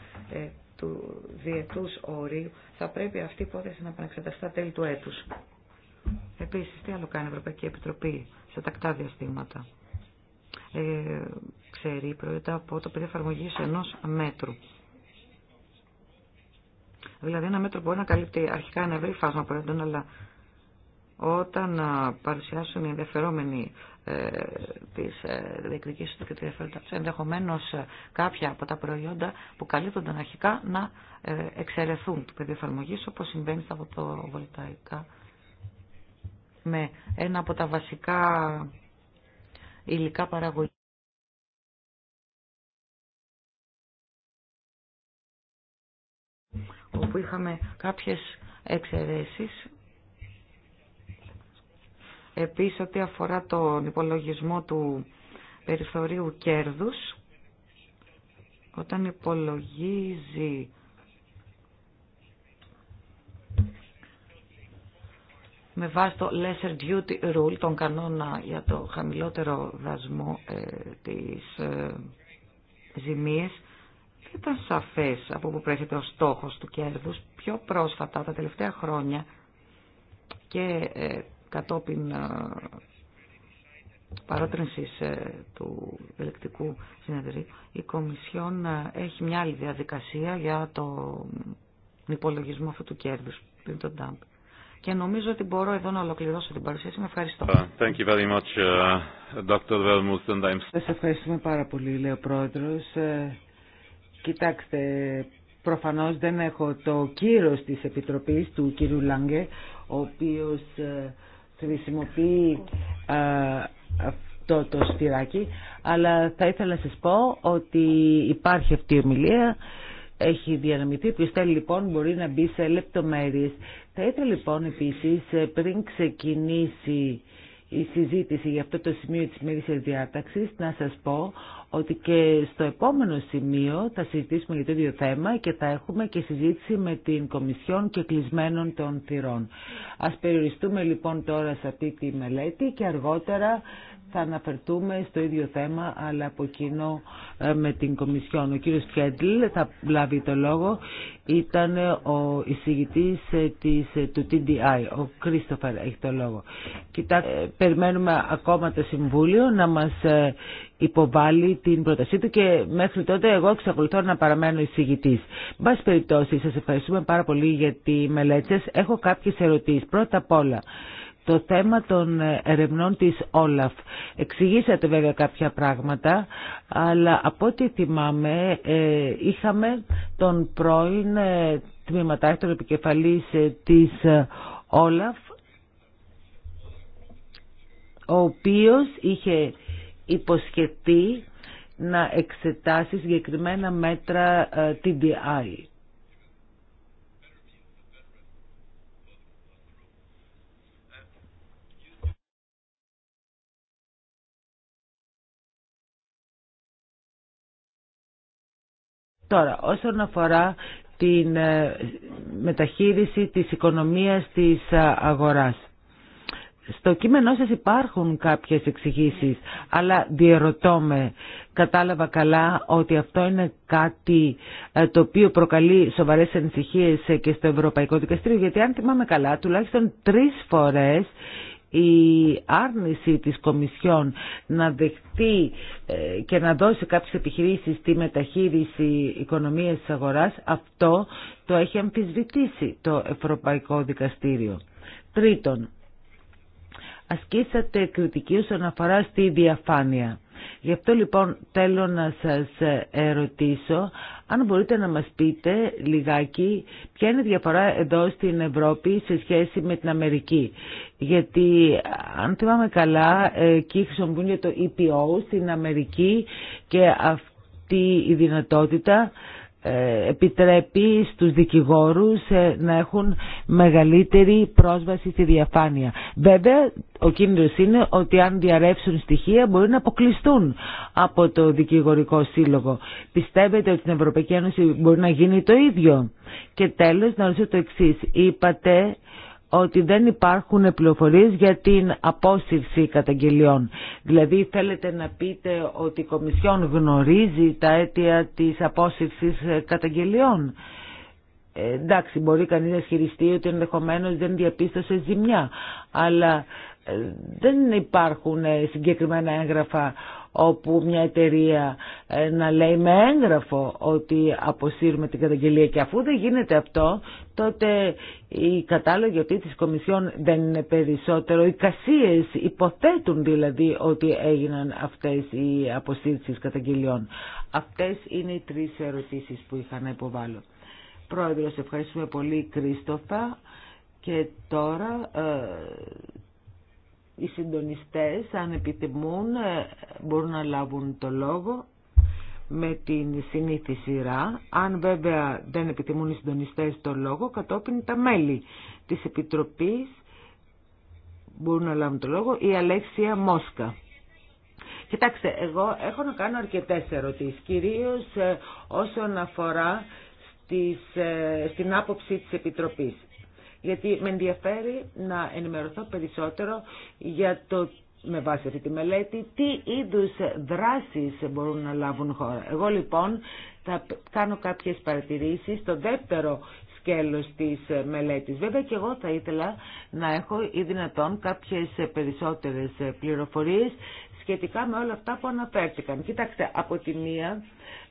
του διετούς ορίου. Θα πρέπει αυτή η υπόθεση να επανεξεταστεί τα τέλη του έτου. Επίσης, τι άλλο κάνει η Ευρωπαϊκή Επιτροπή σε τακτά διαστήματα. Ε, ξέρει πρώτα από το πριν εφαρμογή ενό μέτρου. Δηλαδή ένα μέτρο μπορεί να καλύπτει αρχικά ένα ευρύ φάσμα προϊόντων, αλλά όταν παρουσιάσουν οι ενδιαφερόμενοι ε, τις ε, του και τη ενδεχομένω ενδεχομένως ε, κάποια από τα προϊόντα που καλύπτονταν αρχικά να ε, εξαιρεθούν του πεδίου εφαρμογή όπως συμβαίνει στα φωτοβολταϊκά με ένα από τα βασικά υλικά παραγωγή όπου είχαμε κάποιες εξαιρέσεις. Επίσης, ό,τι αφορά τον υπολογισμό του περιθωρίου κέρδους, όταν υπολογίζει με βάση το lesser duty rule, τον κανόνα για το χαμηλότερο δασμό ε, της ε, ήταν σαφές από που προέρχεται ο στόχος του κέρδους. Πιο πρόσφατα, τα τελευταία χρόνια και ε, κατόπιν ε, παρότρινσης ε, του ελεκτικού συνεδρίου, η Κομισιόν έχει μια άλλη διαδικασία για τον υπολογισμό αυτού του κέρδους πριν τον Τάμπ. Και νομίζω ότι μπορώ εδώ να ολοκληρώσω την παρουσίαση. Με ευχαριστώ. Uh, uh, ευχαριστούμε πάρα πολύ, λέει ο Πρόεδρος. Κοιτάξτε, προφανώς δεν έχω το κύρος της Επιτροπής του κύριου Λάγκε, ο οποίος ε, χρησιμοποιεί ε, αυτό το σφυράκι, αλλά θα ήθελα να σας πω ότι υπάρχει αυτή η ομιλία, έχει διανομηθεί, ποιος θέλει λοιπόν μπορεί να μπει σε λεπτομέρειες. Θα ήθελα λοιπόν επίσης ε, πριν ξεκινήσει η συζήτηση για αυτό το σημείο της μέρης διάταξης, να σας πω ότι και στο επόμενο σημείο θα συζητήσουμε για το ίδιο θέμα και θα έχουμε και συζήτηση με την Κομισιόν και κλεισμένων των θυρών. Ας περιοριστούμε λοιπόν τώρα σε αυτή τη μελέτη και αργότερα θα αναφερθούμε στο ίδιο θέμα, αλλά από κοινό ε, με την Κομισιόν. Ο κύριος Φιέντλ θα λάβει το λόγο. Ήταν ε, ο εισηγητής ε, της, του TDI, ο Κρίστοφερ έχει το λόγο. Κοιτάξτε, περιμένουμε ακόμα το Συμβούλιο να μας υποβάλει την πρότασή του και μέχρι τότε εγώ εξακολουθώ να παραμένω εισηγητής. Μπας περιπτώσει, σας ευχαριστούμε πάρα πολύ για τη μελέτη σας. Έχω κάποιες ερωτήσεις. Πρώτα απ' όλα, το θέμα των ερευνών της Όλαφ. Εξηγήσατε βέβαια κάποια πράγματα, αλλά από ό,τι θυμάμαι ε, είχαμε τον πρώην ε, τμήματάρχητο επικεφαλής ε, της Όλαφ, ο οποίος είχε υποσχεθεί να εξετάσει συγκεκριμένα μέτρα TDI. Τώρα, όσον αφορά την ε, μεταχείριση της οικονομίας της ε, αγοράς. Στο κείμενό σας υπάρχουν κάποιες εξηγήσει, αλλά διερωτώ με, κατάλαβα καλά ότι αυτό είναι κάτι ε, το οποίο προκαλεί σοβαρές ανησυχίες και στο Ευρωπαϊκό Δικαστήριο, γιατί αν θυμάμαι καλά, τουλάχιστον τρεις φορές η άρνηση της Κομισιόν να δεχτεί ε, και να δώσει κάποιες επιχειρήσεις τη μεταχείριση οικονομίας της αγοράς, αυτό το έχει αμφισβητήσει το Ευρωπαϊκό Δικαστήριο. Τρίτον, ασκήσατε κριτική όσον αφορά στη διαφάνεια. Γι' αυτό λοιπόν θέλω να σας ε, ερωτήσω αν μπορείτε να μας πείτε λιγάκι ποια είναι η διαφορά εδώ στην Ευρώπη σε σχέση με την Αμερική. Γιατί αν θυμάμαι καλά εκεί χρησιμοποιούν για το EPO στην Αμερική και αυτή η δυνατότητα ε, επιτρέπει στους δικηγόρους ε, να έχουν μεγαλύτερη πρόσβαση στη διαφάνεια. Βέβαια, ο κίνδυνος είναι ότι αν διαρρεύσουν στοιχεία μπορεί να αποκλειστούν από το δικηγορικό σύλλογο. Πιστεύετε ότι στην Ευρωπαϊκή Ένωση μπορεί να γίνει το ίδιο. Και τέλος, να ρωτήσω το εξής. Είπατε ότι δεν υπάρχουν πληροφορίες για την απόσυρση καταγγελιών. Δηλαδή θέλετε να πείτε ότι η Κομισιόν γνωρίζει τα αίτια της απόσυρσης καταγγελιών. Ε, εντάξει, μπορεί κανείς να ισχυριστεί ότι ενδεχομένως δεν διαπίστωσε ζημιά, αλλά ε, δεν υπάρχουν συγκεκριμένα έγγραφα όπου μια εταιρεία ε, να λέει με έγγραφο ότι αποσύρουμε την καταγγελία και αφού δεν γίνεται αυτό τότε οι κατάλογοι αυτοί της Κομισιόν δεν είναι περισσότερο. Οι κασίες υποθέτουν δηλαδή ότι έγιναν αυτές οι αποσύρσεις καταγγελιών. Αυτές είναι οι τρεις ερωτήσεις που είχα να υποβάλω. Πρόεδρος, ευχαριστούμε πολύ Κρίστοφα. Και τώρα ε, οι συντονιστές, αν επιτιμούν, ε, μπορούν να λάβουν το λόγο με την συνήθη σειρά. Αν βέβαια δεν επιτιμούν οι συντονιστές το λόγο, κατόπιν τα μέλη της Επιτροπής μπορούν να λάβουν το λόγο. Η Αλέξια Μόσκα. Κοιτάξτε, εγώ έχω να κάνω αρκετές ερωτήσεις, κυρίως ε, όσον αφορά ε, στην άποψη της Επιτροπής γιατί με ενδιαφέρει να ενημερωθώ περισσότερο για το με βάση αυτή τη μελέτη, τι είδους δράσεις μπορούν να λάβουν χώρα. Εγώ λοιπόν θα κάνω κάποιες παρατηρήσεις στο δεύτερο σκέλος της μελέτης. Βέβαια και εγώ θα ήθελα να έχω ή δυνατόν κάποιες περισσότερες πληροφορίες σχετικά με όλα αυτά που αναφέρθηκαν. Κοιτάξτε, από τη μία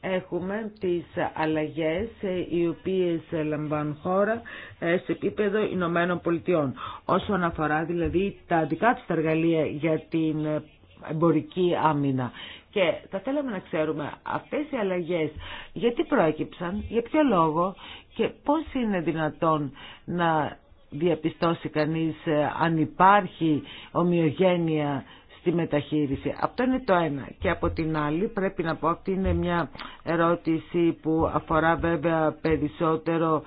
έχουμε τις αλλαγές ε, οι οποίες λαμβάνουν χώρα σε επίπεδο Ηνωμένων Πολιτειών. Όσον αφορά δηλαδή τα δικά τους εργαλεία για την ε, εμπορική άμυνα. Και θα θέλαμε να ξέρουμε αυτές οι αλλαγές γιατί προέκυψαν, για ποιο λόγο και πώς είναι δυνατόν να διαπιστώσει κανείς ε, αν υπάρχει ομοιογένεια στη μεταχείριση. Αυτό είναι το ένα. Και από την άλλη πρέπει να πω ότι είναι μια ερώτηση που αφορά βέβαια περισσότερο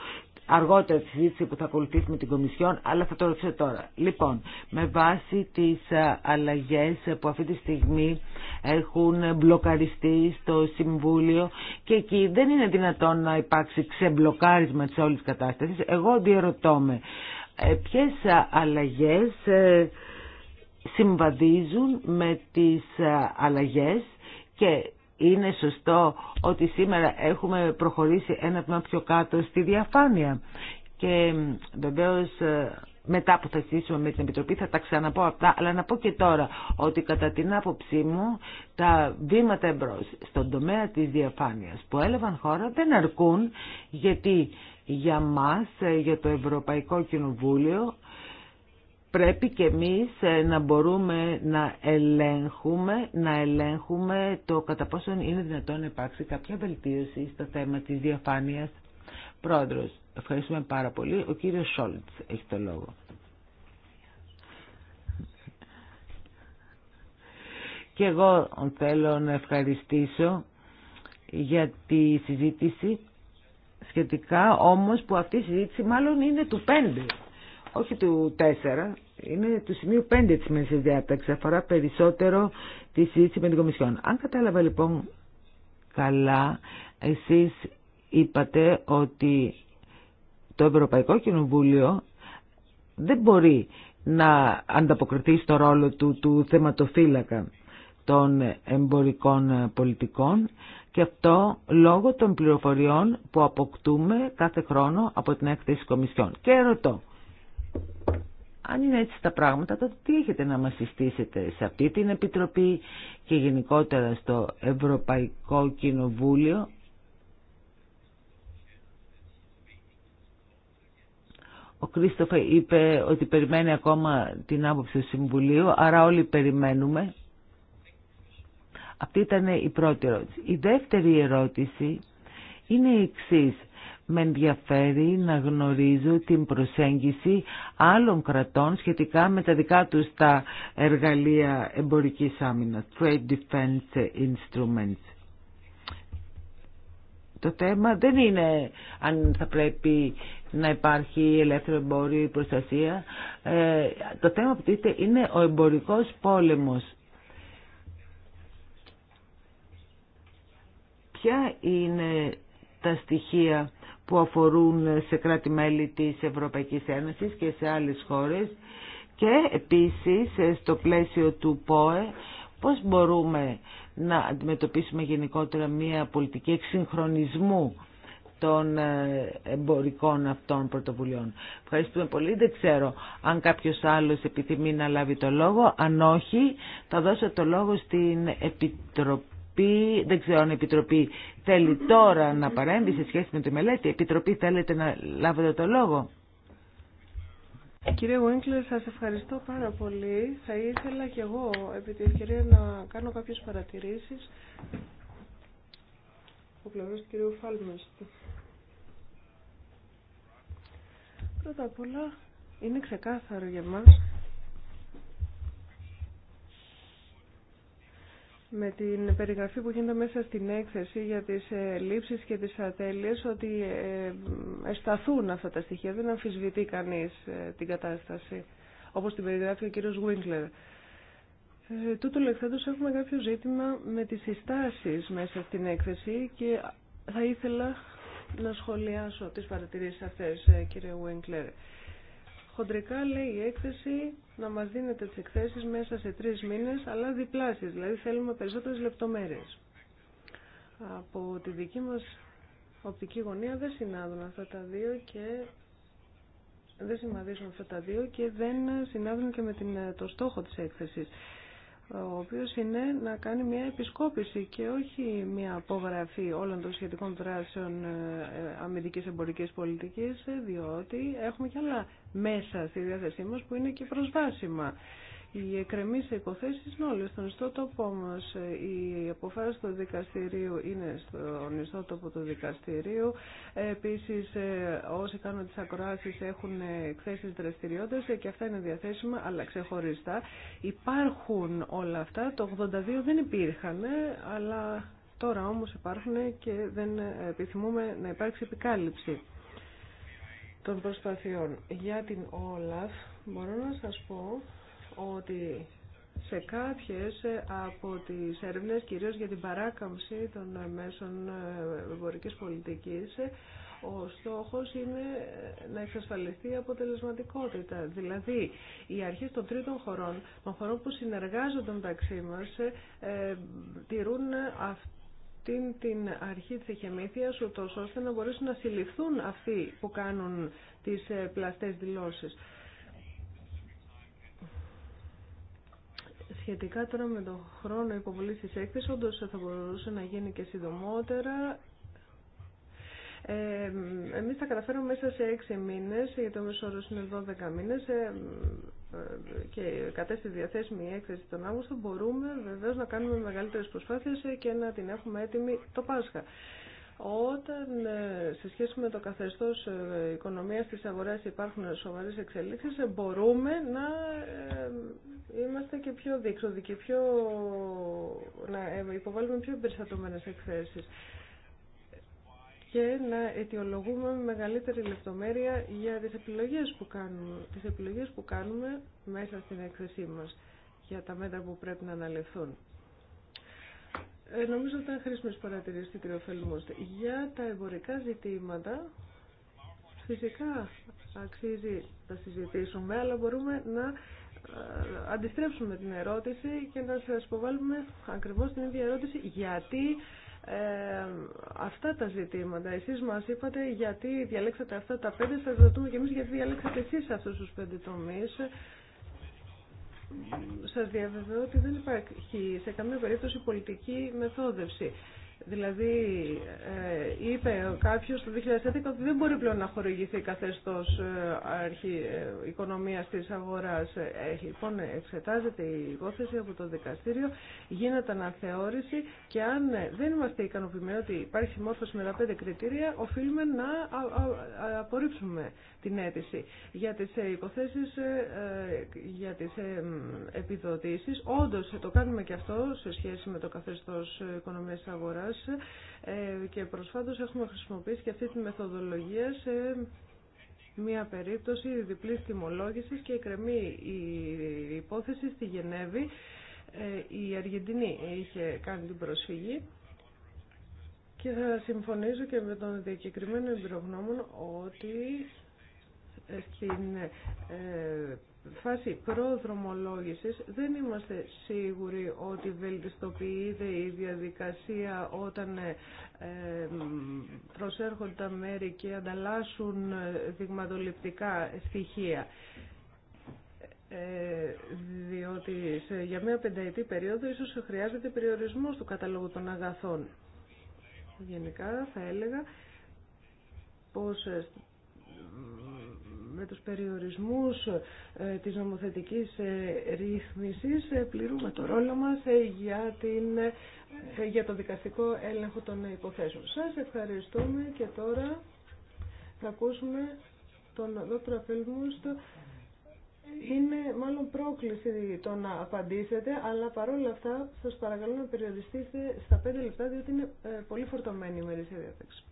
αργότερα τη συζήτηση που θα ακολουθήσει με την Κομισιόν, αλλά θα το ρωτήσω τώρα. Λοιπόν, με βάση τις ε, αλλαγές που αυτή τη στιγμή έχουν μπλοκαριστεί στο Συμβούλιο και εκεί δεν είναι δυνατόν να υπάρξει ξεμπλοκάρισμα της όλης κατάστασης, εγώ διαρωτώ με. Ποιες αλλαγές ε, συμβαδίζουν με τις ε, αλλαγές και είναι σωστό ότι σήμερα έχουμε προχωρήσει ένα βήμα πιο κάτω στη διαφάνεια. Και βεβαίω ε, μετά που θα στήσουμε με την Επιτροπή θα τα ξαναπώ αυτά, αλλά να πω και τώρα ότι κατά την άποψή μου τα βήματα εμπρό στον τομέα της διαφάνειας που έλαβαν χώρα δεν αρκούν γιατί για μας, ε, για το Ευρωπαϊκό Κοινοβούλιο πρέπει και εμείς ε, να μπορούμε να ελέγχουμε, να ελέγχουμε το κατά πόσον είναι δυνατόν να υπάρξει κάποια βελτίωση στο θέμα της διαφάνειας. Πρόεδρος, ευχαριστούμε πάρα πολύ. Ο κύριος Σόλτς έχει το λόγο. Και εγώ θέλω να ευχαριστήσω για τη συζήτηση σχετικά όμως που αυτή η συζήτηση μάλλον είναι του 5 όχι του 4, είναι του σημείου 5 της μέσης διάταξης, αφορά περισσότερο τη συζήτηση με την Κομισιόν. Αν κατάλαβα λοιπόν καλά, εσείς είπατε ότι το Ευρωπαϊκό Κοινοβούλιο δεν μπορεί να ανταποκριθεί στο ρόλο του, του θεματοφύλακα των εμπορικών πολιτικών και αυτό λόγω των πληροφοριών που αποκτούμε κάθε χρόνο από την έκθεση Κομισιόν. Και ρωτώ, αν είναι έτσι τα πράγματα, τότε τι έχετε να μας συστήσετε σε αυτή την Επιτροπή και γενικότερα στο Ευρωπαϊκό Κοινοβούλιο. Ο Κρίστοφε είπε ότι περιμένει ακόμα την άποψη του Συμβουλίου, άρα όλοι περιμένουμε. Αυτή ήταν η πρώτη ερώτηση. Η δεύτερη ερώτηση είναι η εξής με ενδιαφέρει να γνωρίζω την προσέγγιση άλλων κρατών σχετικά με τα δικά τους τα εργαλεία εμπορικής άμυνας, Trade Defense Instruments. Το θέμα δεν είναι αν θα πρέπει να υπάρχει ελεύθερο εμπόριο ή προστασία. Ε, το θέμα που δείτε είναι ο εμπορικός πόλεμος. Ποια είναι τα στοιχεία που αφορούν σε κράτη-μέλη της Ευρωπαϊκής Ένωσης και σε άλλες χώρες και επίσης στο πλαίσιο του ΠΟΕ πώς μπορούμε να αντιμετωπίσουμε γενικότερα μια πολιτική εξυγχρονισμού των ε, εμπορικών αυτών πρωτοβουλειών. Ευχαριστούμε πολύ. Δεν ξέρω αν κάποιος άλλος επιθυμεί να λάβει το λόγο. Αν όχι, θα δώσω το λόγο στην Επιτροπή δεν ξέρω αν η Επιτροπή θέλει τώρα να παρέμβει σε σχέση με τη μελέτη. Επιτροπή θέλετε να λάβετε το λόγο. Κύριε Γουίνκλερ, σας ευχαριστώ πάρα πολύ. Θα ήθελα κι εγώ επί τη ευκαιρία να κάνω κάποιες παρατηρήσεις ο πλευρός του κυρίου Φάλμεστη. Πρώτα απ' όλα είναι ξεκάθαρο για μας με την περιγραφή που γίνεται μέσα στην έκθεση για τις ε, λήψεις και τις ατέλειες ότι ε, εσταθούν αυτά τα στοιχεία, δεν αμφισβητεί κανείς ε, την κατάσταση όπως την περιγράφει ο κύριος Γουίνκλερ. Ε, τούτο έχουμε κάποιο ζήτημα με τις συστάσεις μέσα στην έκθεση και θα ήθελα να σχολιάσω τις παρατηρήσεις αυτές κύριε Γουίνκλερ χοντρικά λέει η έκθεση να μας δίνετε τις εκθέσεις μέσα σε τρεις μήνες, αλλά διπλάσεις, δηλαδή θέλουμε περισσότερες λεπτομέρειες. Από τη δική μας οπτική γωνία δεν συνάδουν αυτά τα δύο και δεν σημαδίζουν αυτά τα δύο και δεν συνάδουν και με την, το στόχο της έκθεσης ο οποίος είναι να κάνει μια επισκόπηση και όχι μια απογραφή όλων των σχετικών δράσεων ε, ε, αμυντικής εμπορικής πολιτικής, ε, διότι έχουμε και άλλα μέσα στη διάθεσή μας που είναι και προσβάσιμα. Οι εκκρεμείς υποθέσεις είναι όλες στον ιστότοπό μας. Η αποφάση του δικαστηρίου είναι στον ιστότοπο του δικαστηρίου. Επίσης, ε, όσοι κάνουν τις ακροάσεις έχουν εκθέσεις δραστηριότητες και αυτά είναι διαθέσιμα, αλλά ξεχωριστά. Υπάρχουν όλα αυτά. Το 82 δεν υπήρχαν, αλλά τώρα όμως υπάρχουν και δεν επιθυμούμε να υπάρξει επικάλυψη των προσπαθειών. Για την Όλαφ μπορώ να σας πω ότι σε κάποιες ε, από τις έρευνες, κυρίως για την παράκαμψη των μέσων ε, εμπορικής πολιτικής, ε, ο στόχος είναι να εξασφαλιστεί η αποτελεσματικότητα. Δηλαδή, οι αρχές των τρίτων χωρών, των χωρών που συνεργάζονται μεταξύ μας, ε, τηρούν αυτήν την αρχή της εχεμήθειας, ούτως ώστε να μπορέσουν να συλληφθούν αυτοί που κάνουν τις πλαστές δηλώσεις. Σχετικά τώρα με τον χρόνο υποβολή τη έκθεση, όντω θα μπορούσε να γίνει και συντομότερα. Ε, εμείς θα καταφέρουμε μέσα σε 6 μήνες, γιατί ο μέσο είναι 12 μήνες, ε, και κατέστη διαθέσιμη η έκθεση τον Αύγουστο, μπορούμε βεβαίως να κάνουμε μεγαλύτερες προσπάθειες και να την έχουμε έτοιμη το Πάσχα. Όταν ε, σε σχέση με το καθεστώς ε, οικονομίας της αγοράς υπάρχουν σοβαρές εξελίξεις, ε, μπορούμε να είμαστε και πιο και πιο, να υποβάλουμε πιο περιστατωμένες εκθέσεις και να αιτιολογούμε με μεγαλύτερη λεπτομέρεια για τις επιλογές που κάνουμε, που κάνουμε μέσα στην έκθεσή μας για τα μέτρα που πρέπει να αναλυθούν. Ε, νομίζω ότι ήταν χρήσιμες παρατηρήσεις, κύριε Φελμούς. Για τα εμπορικά ζητήματα, φυσικά αξίζει να συζητήσουμε, αλλά μπορούμε να ε, αντιστρέψουμε την ερώτηση και να σας υποβάλουμε ακριβώ την ίδια ερώτηση γιατί ε, αυτά τα ζητήματα. Εσείς μας είπατε γιατί διαλέξατε αυτά τα πέντε, σας ρωτούμε και εμείς γιατί διαλέξατε εσείς αυτούς τους πέντε τομείς σα διαβεβαιώ ότι δεν υπάρχει σε καμία περίπτωση πολιτική μεθόδευση. Δηλαδή, ε, είπε κάποιο το 2011 ότι δεν μπορεί πλέον να χορηγηθεί καθεστώ ε, αρχή ε, οικονομία τη αγορά. Ε, λοιπόν, εξετάζεται η υπόθεση από το δικαστήριο, γίνεται αναθεώρηση και αν δεν είμαστε ικανοποιημένοι ότι υπάρχει μόρφωση με τα πέντε κριτήρια, οφείλουμε να απορρίψουμε την αίτηση. Για τι ε, υποθέσει, ε, για τι επιδοτήσει, όντω το κάνουμε και αυτό σε σχέση με το καθεστώ οικονομία τη αγορά ε, και προσφάτως έχουμε χρησιμοποιήσει και αυτή τη μεθοδολογία σε μια περίπτωση διπλής τιμολόγησης και εκκρεμεί η υπόθεση στη Γενέβη. Ε, η Αργεντινή είχε κάνει την προσφυγή και θα συμφωνήσω και με τον διακεκριμένο εμπειρογνώμων ότι ε, στην φάση προδρομολόγησης δεν είμαστε σίγουροι ότι βελτιστοποιείται η διαδικασία όταν ε, προσέρχονται τα μέρη και ανταλλάσσουν ε, δειγματοληπτικά στοιχεία. Ε, διότι για μια πενταετή περίοδο ίσως χρειάζεται περιορισμός του καταλόγου των αγαθών. Γενικά θα έλεγα πως με τους περιορισμούς ε, της νομοθετικής ε, ρύθμισης ε, πληρούμε το ρόλο μας για, την, για το δικαστικό έλεγχο των υποθέσεων. Σας ευχαριστούμε και τώρα θα ακούσουμε τον Δόκτωρο Φελμούστο. Είναι μάλλον πρόκληση το να απαντήσετε, αλλά παρόλα αυτά σας παρακαλώ να περιοριστείτε στα 5 λεπτά, διότι είναι πολύ φορτωμένη η ημερήσια διάταξη.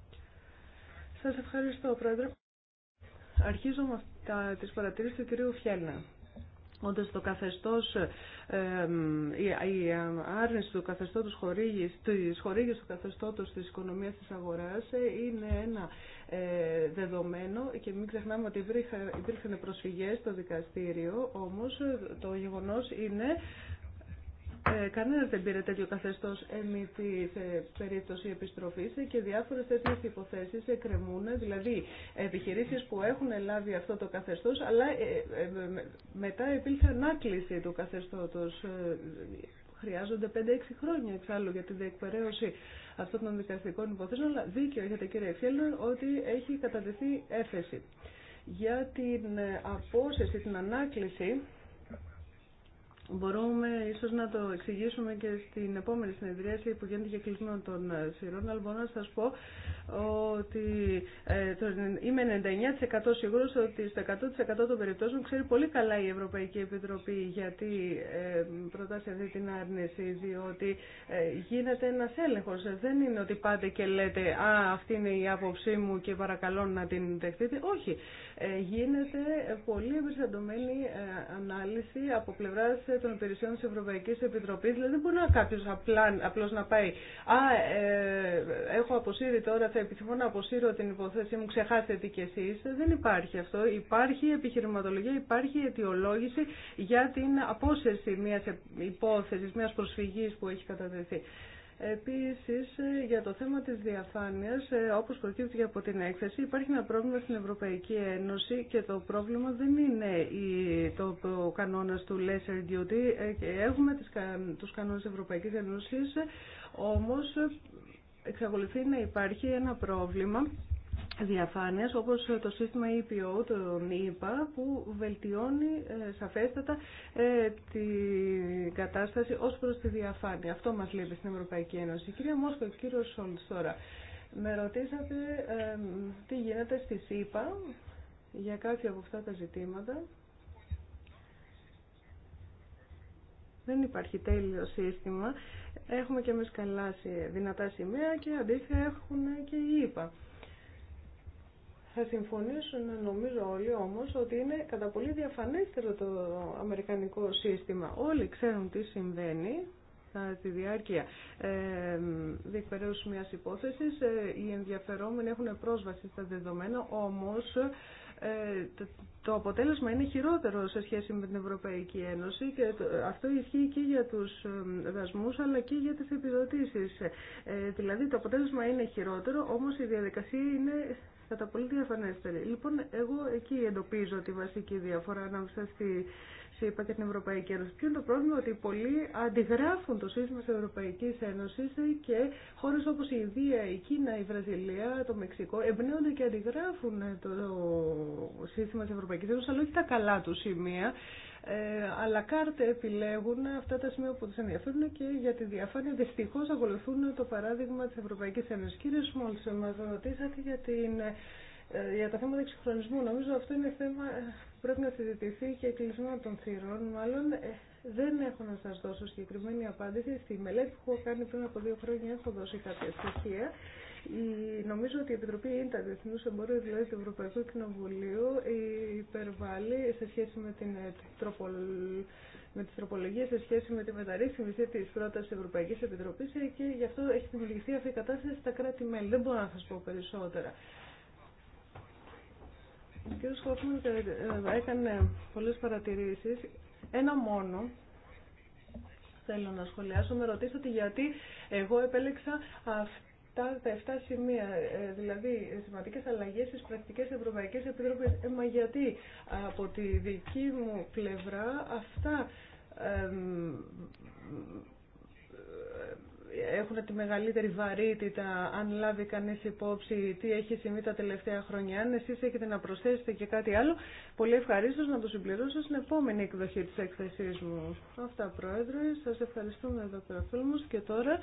Σας ευχαριστώ, Πρόεδρε. Αρχίζω με αυτά, τις παρατηρήσεις του κυρίου Φιέλνα. ότι το καθεστώς, ε, η, η άρνηση του καθεστώτος χορήγης, της χορήγης του καθεστώτος της οικονομίας της αγοράς ε, είναι ένα ε, δεδομένο και μην ξεχνάμε ότι υπήρχαν προσφυγές στο δικαστήριο, όμως ε, το γεγονός είναι ε, Κανένα δεν πήρε τέτοιο καθεστώ εμήθη σε περίπτωση επιστροφή και διάφορε τέτοιε υποθέσει εκκρεμούν. Δηλαδή, επιχειρήσει που έχουν λάβει αυτό το καθεστώ, αλλά ε, ε, μετά υπήρξε ανάκληση του καθεστώτο. Ε, χρειάζονται 5-6 χρόνια εξάλλου για τη διεκπαιρέωση αυτών των δικαστικών υποθέσεων, αλλά δίκιο έχετε κύριε Φιέλνερ ότι έχει κατατεθεί έφεση. Για την απόσυρση, την ανάκληση, Μπορούμε ίσω να το εξηγήσουμε και στην επόμενη συνεδρίαση που γίνεται για κλεισμό των ε, σειρών, αλλά μπορώ να σα πω ότι ε, είμαι 99% σίγουρο ότι στο 100% των περιπτώσεων ξέρει πολύ καλά η Ευρωπαϊκή Επιτροπή γιατί ε, προτάσει αυτή την άρνηση, διότι γίνεται ένα έλεγχο. Δεν είναι ότι πάτε και λέτε Α, αυτή είναι η άποψή μου και παρακαλώ να την δεχτείτε. Όχι. Γίνεται πολύ εμπεριστατωμένη ανάλυση από πλευρά των υπηρεσιών τη Ευρωπαϊκή επιτροπή, Δηλαδή δεν μπορεί να κάποιος απλώς να πάει «Α, ε, έχω αποσύρει τώρα, θα επιθυμώ να αποσύρω την υποθέση μου, ξεχάσετε τι κι εσεί. Δεν υπάρχει αυτό. Υπάρχει επιχειρηματολογία, υπάρχει αιτιολόγηση για την απόσυρση μια υπόθεση, μιας προσφυγής που έχει κατατεθεί. Επίσης, για το θέμα της διαφάνειας, ε, όπως προκύπτει από την έκθεση, υπάρχει ένα πρόβλημα στην Ευρωπαϊκή Ένωση και το πρόβλημα δεν είναι το, το κανόνας του lesser duty. Ε, έχουμε τις, τους κανόνες της Ευρωπαϊκής Ένωσης, όμως εξακολουθεί να υπάρχει ένα πρόβλημα διαφάνειας όπως το σύστημα EPO, το ΙΠΑ, που βελτιώνει ε, σαφέστατα ε, την κατάσταση ως προς τη διαφάνεια. Αυτό μας λέει στην Ευρωπαϊκή Ένωση. Κυρία Μόσκο, κύριο Σόλτς τώρα, με ρωτήσατε τι γίνεται στη ΣΥΠΑ για κάποια από αυτά τα ζητήματα. Δεν υπάρχει τέλειο σύστημα. Έχουμε και εμείς καλά δυνατά σημαία και αντίθετα έχουν και οι ΕΠΑ. Θα συμφωνήσουν νομίζω όλοι όμως ότι είναι κατά πολύ διαφανέστερο το αμερικανικό σύστημα. Όλοι ξέρουν τι συμβαίνει κατά τη διάρκεια ε, διεκπαιρέωση μιας υπόθεσης. Ε, οι ενδιαφερόμενοι έχουν πρόσβαση στα δεδομένα, όμως ε, το αποτέλεσμα είναι χειρότερο σε σχέση με την Ευρωπαϊκή Ένωση και αυτό ισχύει και για τους ε, δασμούς αλλά και για τις επιδοτήσεις. δηλαδή το αποτέλεσμα είναι χειρότερο, όμως η διαδικασία είναι κατά πολύ διαφανέστερη. Λοιπόν, εγώ εκεί εντοπίζω τη βασική διαφορά ανάμεσα στη ΣΥΠΑ και την Ευρωπαϊκή Ένωση. Ποιο είναι το πρόβλημα ότι πολλοί αντιγράφουν το σύστημα τη Ευρωπαϊκή Ένωση και χώρε όπω η Ινδία, η Κίνα, η Βραζιλία, το Μεξικό εμπνέονται και αντιγράφουν το σύστημα τη Ευρωπαϊκή Ένωση, αλλά όχι τα καλά του σημεία. Ε, αλλά κάρτε επιλέγουν αυτά τα σημεία που τους ενδιαφέρουν και για τη διαφάνεια δυστυχώ ακολουθούν το παράδειγμα της Ευρωπαϊκής Ένωσης. Κύριε Σμόλς, μας ρωτήσατε για, την, ε, για τα θέματα εξυγχρονισμού. Νομίζω αυτό είναι θέμα ε, που πρέπει να συζητηθεί και κλεισμένο των θύρων. Μάλλον δεν έχω να σα δώσω συγκεκριμένη απάντηση. Στη μελέτη που έχω κάνει πριν από δύο χρόνια έχω δώσει κάποια στοιχεία. Νομίζω ότι η Επιτροπή ΙΝΤΑ Διεθνού Εμπορίου δηλαδή του Ευρωπαϊκού Κοινοβουλίου υπερβάλλει σε σχέση με, την, ε, με τις σε σχέση με τη μεταρρύθμιση της πρότασης Ευρωπαϊκή Επιτροπή ε, και γι' αυτό έχει δημιουργηθεί αυτή η κατάσταση στα κράτη-μέλη. Δεν μπορώ να σα πω περισσότερα. Ο κ. Χόφμαν ε, έκανε πολλέ παρατηρήσει. Ένα μόνο θέλω να σχολιάσω. Με ρωτήσατε γιατί εγώ επέλεξα αυτή τα 7 σημεία, ε, δηλαδή σημαντικές αλλαγές στις πρακτικές Ευρωπαϊκές Επιτροπές. Ε, μα γιατί από τη δική μου πλευρά αυτά ε, έχουν τη μεγαλύτερη βαρύτητα αν λάβει κανεί υπόψη τι έχει συμβεί τα τελευταία χρόνια. Αν εσείς έχετε να προσθέσετε και κάτι άλλο, πολύ ευχαρίστω να το συμπληρώσω στην επόμενη εκδοχή της έκθεσής μου. Αυτά, Πρόεδρε. Σας ευχαριστούμε εδώ πέρα, και τώρα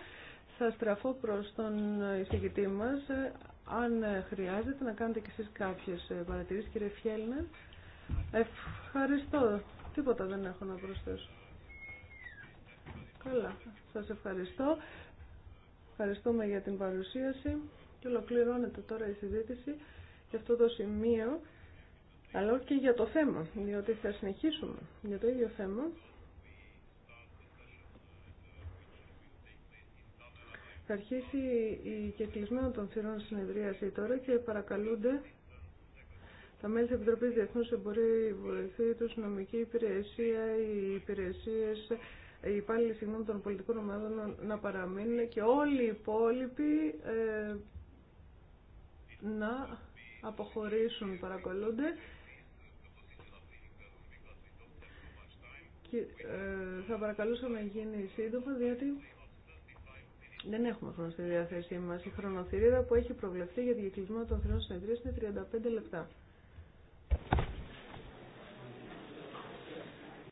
θα στραφώ προς τον εισηγητή μας αν χρειάζεται να κάνετε κι εσείς κάποιες παρατηρήσεις κύριε Φιέλνερ. Ευχαριστώ. Τίποτα δεν έχω να προσθέσω. Καλά. Σας ευχαριστώ. Ευχαριστούμε για την παρουσίαση και ολοκληρώνεται τώρα η συζήτηση για αυτό το σημείο αλλά και για το θέμα, διότι θα συνεχίσουμε για το ίδιο θέμα Θα αρχίσει η κεκλεισμένο των θυρών συνεδρίαση τώρα και παρακαλούνται τα μέλη της Επιτροπής Διεθνούς Εμπορίου, η Βοηθή τους, η Νομική Υπηρεσία, οι υπηρεσίες, οι υπάλληλοι συγγνώμη των πολιτικών ομάδων να παραμείνουν και όλοι οι υπόλοιποι ε, να αποχωρήσουν, παρακολούνται. Και, ε, θα παρακαλούσαμε να γίνει σύντομα, διότι δεν έχουμε χρόνο στη διάθεσή μα. Η χρονοθυρίδα που έχει προβλεφθεί για διακλεισμό των θηρών συνεδρίων είναι 35 λεπτά.